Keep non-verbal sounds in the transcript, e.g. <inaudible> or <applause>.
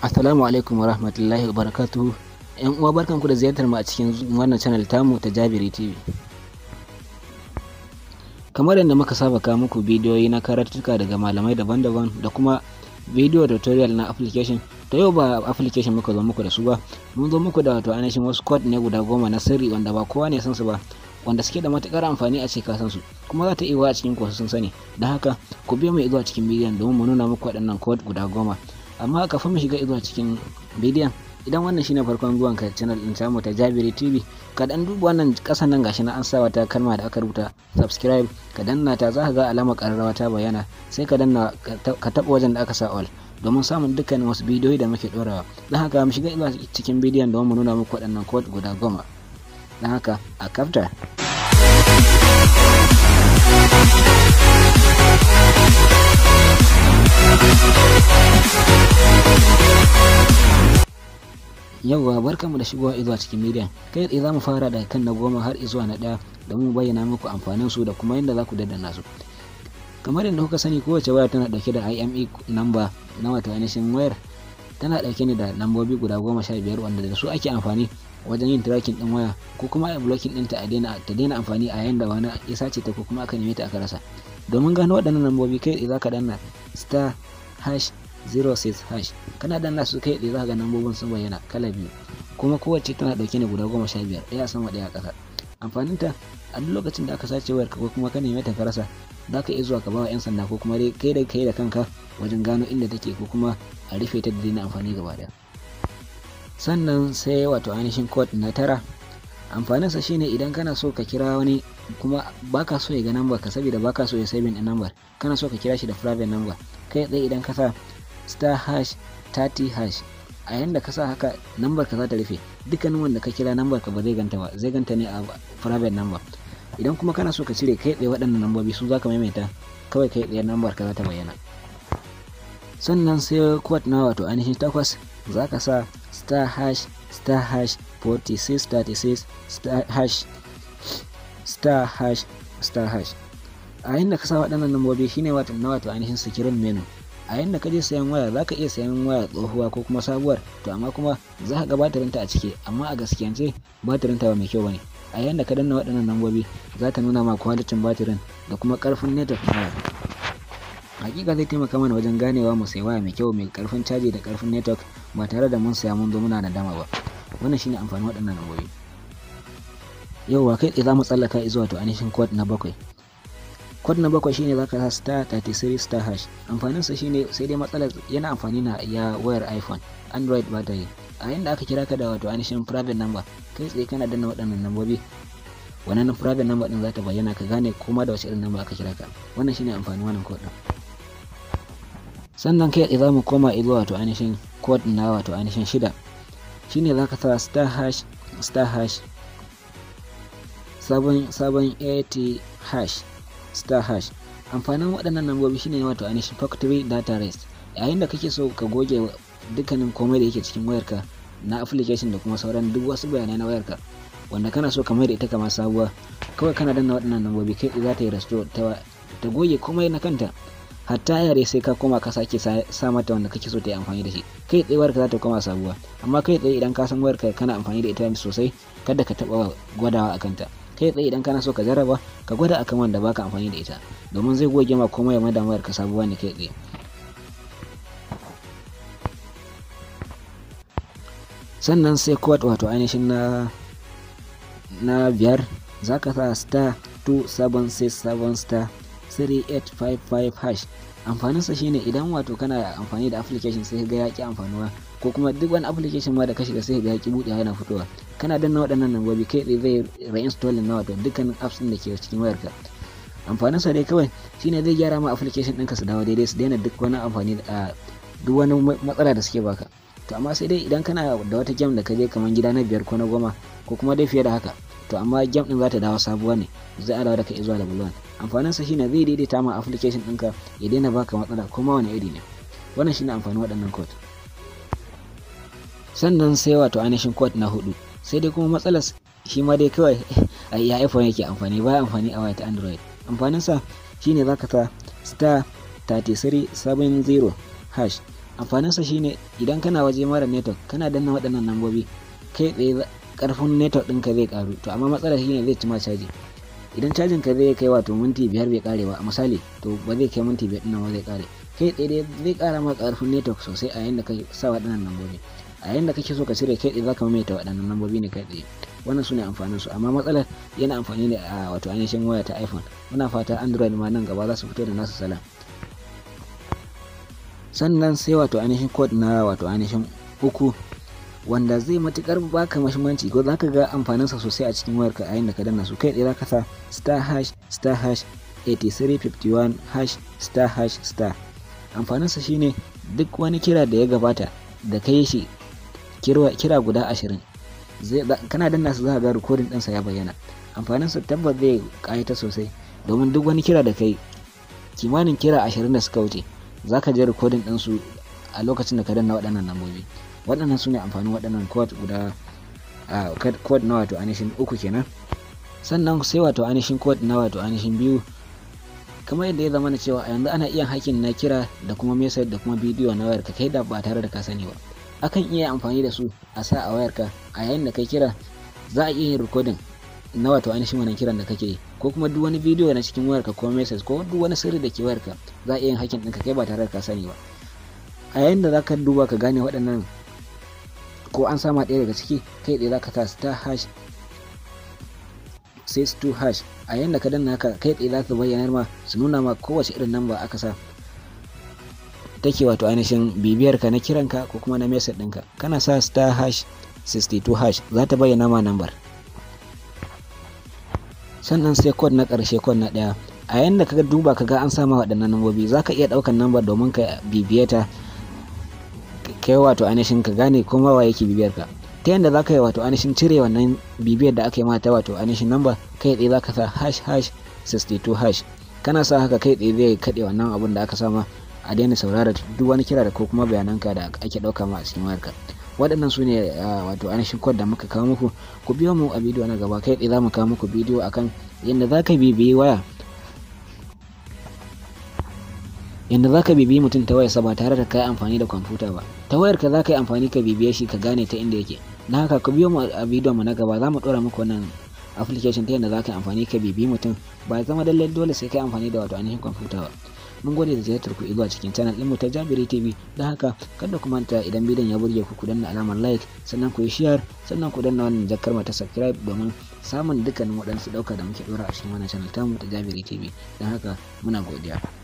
Assalamu alaikum wa rahmatullahi wa barakatuhu. ‘Yan uwa barkanku da ziyartar mu a cikin wannan channel tamu ta Jabiri TV. Kamar yadda muka saba kawo muku bidiyoyi na karatuka daga malamai daban-daban da kuma bidiyo tutorial na application. To yau ba application muka zo muku da su ba, mun zo muku da wato ainihin wasu code ne guda goma na sirri wanda ba kowa ne san su ba. wanda suke da matukar amfani a cikin kasan su kuma za ta iya a cikin kwasu sun sani don haka ku biyo mu zuwa cikin bidiyon domin mu nuna muku waɗannan code guda goma amma fi mu shiga izuwa cikin bidiyon idan wannan shine farkon zuwan ka channel din tamu ta Jabiri TV ka dan duba wannan kasan nan gashi na an sa wata kalma da aka rubuta subscribe ka danna ta za ka ga alama karrawa ta bayyana sai ka danna ka taba wajen da aka sa all domin samun dukkanin wasu bidiyoyi da muke dorawa za haka mu shiga izuwa cikin bidiyon don mu nuna muku waɗannan code guda goma dan haka a kafta yauwa barkanmu da shigowa izuwa cikin midiya kai tsaye za mu fara da kan na goma har izuwa na ɗaya da mu bayyana muku amfanin su da kuma yadda za ku daddana su kamar yadda kuka sani kowace waya tana ɗauke da ime number na wata ainihin wayar tana ɗauke ne da lambobi guda goma sha biyar wanda da su ake amfani wajen yin tracking din waya ko kuma a blocking ɗinta ta daina amfani a yayin da wani ya sace ta ko kuma aka neme ta aka rasa domin gano waɗannan lambobi kai tsaye za ka danna star hash 06 h kana danna su kai da za ka ga nambobin sun bayyana kala biyu kuma kowace tana dauke ne guda goma sha biyar ɗaya sama ɗaya ƙasa amfanin ta a duk lokacin da aka sace wayarka ko kuma ka neme ta karasa zaka za ka iya zuwa ka bawa 'yan sanda ko kuma kai da kai da kanka wajen gano inda take ko kuma a rufe ta da daina amfani gaba daya sannan sai wato ainihin code na tara amfaninsa shine idan kana so ka kira wani kuma baka so ya ga number ka saboda baka so ya sabin number kana so ka kira shi da private number kai tsaye idan ka sa star hash 30 hash a yanda ka sa haka lambar ka za ta rufe dukkanin wanda ka kira lambar ka ba zai ganta ba zai ganta ne a private number idan kuma kana so ka cire kai tsaye waɗannan lambobi su za ka maimaita kawai kai tsaye lambar ka za ta bayyana sannan sai kwat na wato ainihin takwas za ka sa star hash star hash 4636 star hash star hash star hash a yanda ka sa waɗannan lambobi shine wato na wato ainihin sikirin menu a yadda ka je sayan waya za ka iya sayan waya tsohuwa ko kuma sabuwar to amma kuma za ka ga batirinta a ciki amma a gaskiyance batirinta ba mai kyau ba ne. a yadda ka danna waɗannan lambobi za ta nuna ma kwalitin batirin da kuma ƙarfin network waya hakika zai taimaka mana wajen ganewa mu sai waya mai kyau mai ƙarfin caji da ƙarfin network ba tare da mun saya mun zo muna da dama ba wannan shine amfanin waɗannan lambobi yauwa kai tsaye za mu tsallaka zuwa to ainihin code na bakwai Kod na bakwai shine zaka sa star 33 star hash. Amfanin sa shine sai dai matsalar yana amfani na ya wayar iPhone, Android ba ta yi. A yanda aka kira ka da wato anishin private number, kai tsaye kana danna waɗannan lambobi. wannan private number din zata bayyana ka gane kuma da wace irin number aka kira ka wannan shine amfanin wannan code din sannan kai za mu koma ido wato anishin code na wato anishin shida shine zaka sa star hash star hash sabon sabon 80 hash star hash amfanin waɗannan lambobi shine wato ainihin factory data rest yayin da kake so ka goge dukkanin komai da yake cikin wayarka na application da kuma sauran duk wasu bayanai na wayarka wanda kana so ka da ita kama sabuwa kawai kana danna waɗannan nambobi kai za ta yi restore ta goge komai na kanta hatta yare sai ka koma ka sake sa mata wanda kake so ta yi amfani da shi kai tsaye wayarka za ta koma sabuwa amma kai tsaye idan ka san wayarka kana amfani da ita sosai kada ka taɓa gwadawa a kanta kai tsaye idan kana so ka jarraba ka gwada akan wanda baka amfani da ita domin zai goge ma komai ya ma damar ka sabuwa ne kai tsaye sannan sai code wato ainihin na na biyar za ka sa star 2767 star 3855 hash amfanin sa shine idan wato kana amfani da application sai ga yaki amfanuwa ko kuma duk wani application ma da ka shiga sai ga yaki bude yana fitowa kana danna waɗannan lambobi kai tsaye zai reinstalling na wato dukkanin apps din da ke cikin wayarka amfanin sa dai kawai shine zai gyara ma application ɗinka su dawo daidai su daina duk wani amfani da ah, duk wani matsala da suke baka to amma sai dai idan kana da wata game da ka je kamar gida na biyar ko na goma ko kuma dai fiye da haka to amma game din za ta dawo sabuwa ne zai a da kai zuwa level 1 amfanin sa shine zai daidaita ma application ɗinka ya daina baka matsala ko kuma wani iri ne wannan shine amfanin waɗannan code sannan sai wato ainihin code na hudu sai dai kuma matsalar shi ma dai kawai a <laughs> iya iphone yake amfani ba amfani a waya ta android amfanin sa shine zaka ta star 33 70 hash amfaninsa shine idan kana waje mara network kana danna waɗannan lambobi kai tsaye karfin network ɗinka zai karu to amma matsalar shine zai ci ma caji idan cajin ka zai kai wato minti biyar bai kare ba misali to ba zai kai minti biyar ba zai kare kai tsaye zai kara ma karfin network sosai a yayin da ka sa waɗannan lambobi a yayin da kake so ka cire kai tsaye zaka maimaita waɗannan lambobi ne kai tsaye wannan su ne amfaninsu amma matsalar yana amfani ne a wato ainihin waya ta iphone muna fata android ma nan gaba za su fito da nasu salam sannan sai wato ainihin code na wato ainihin uku wanda zai matukar baka mahimmanci ko za ka ga amfaninsa sosai a cikin wayarka a yayin da ka danna su kai ɗaya sa star hash star hash 8351 hash star hash star amfaninsa shine duk wani kira da ya gabata da ka shi kira guda ashirin kana danna su za ga rikodin ɗinsa ya bayyana amfanin sa tabbas zai ta sosai domin duk wani kira da kai kimanin kira ashirin da suka wuce za ka je recording ɗinsu a lokacin da ka danna waɗannan lambobi waɗannan su ne amfanin waɗannan code guda code na wato ainihin uku kenan sannan sai wato ainihin code na wato ainihin biyu kamar yadda ya zama na cewa a yanzu ana iya hakin na kira da kuma mesaj da kuma bidiyo na wayarka kai da ba tare da ka sani ba akan iya amfani da su a sa a wayarka a yayin da kai kira za a iya yin rikodin na wato ainihin wannan kiran da kake yi ko kuma duk wani bidiyo na cikin wayarka ko message ko duk wani sirri da ke wayarka za a iya yin hakin ɗinka kai ba tare da ka sani ba a yayin da za ka duba ka gane waɗannan ko an sama ɗaya daga ciki kai ɗaya za ka sa star hash sai hash a yayin da ka danna haka kai ɗaya za ka bayyanar ma su nuna ma kowace irin namba aka sa take wato ainihin bibiyar ka na kiranka ko kuma na message ɗinka kana sa star hash 62 hash za ta bayyana ma nambar sannan sai kod na ƙarshe kod na ɗaya a yadda ka duba ka ga an sama waɗannan nambobi za ka iya ɗaukar namba domin ka bibiye ta kai wato ainihin ka gane kuma wa yake bibiyar ka ta yanda za ka yi wato ainihin cire wannan bibiyar da aka yi mata wato ainihin namba kai tsaye za ka sa hash hash 62 hash kana sa haka kai tsaye zai kade wannan abun da aka sama a daina saurara duk wani kira da ko kuma bayanan ka da ake ɗauka ma a cikin wayarka. waɗannan su ne wato ainihin kod da muka kawo muku ku biyo mu a bidiyo na gaba kai za mu kawo muku bidiyo akan yadda za ka bibiyi waya yadda za ka bibiyi mutum ta wayarsa ba tare da ka yi amfani da kwamfuta ba ta wayar ka za ka yi amfani ka bibiye shi ka gane ta inda yake na haka ku biyo mu a bidiyo mu na gaba za mu ɗora muku wannan application ta yadda za ka yi amfani ka bibiyi mutum ba ya zama lallai dole sai ka yi amfani da wato ainihin kwamfuta ba mun gode da ziyartar ku zuwa cikin channel mu ta Jabiri TV da haka kada ku manta idan bidiyon ya burge ku ku danna alamar like sannan ku yi share sannan ku danna wannan jakar ta subscribe domin samun dukkanin waɗansu ɗauka da muke ɗora a cikin wannan channel tamu ta Jabiri TV don haka muna godiya.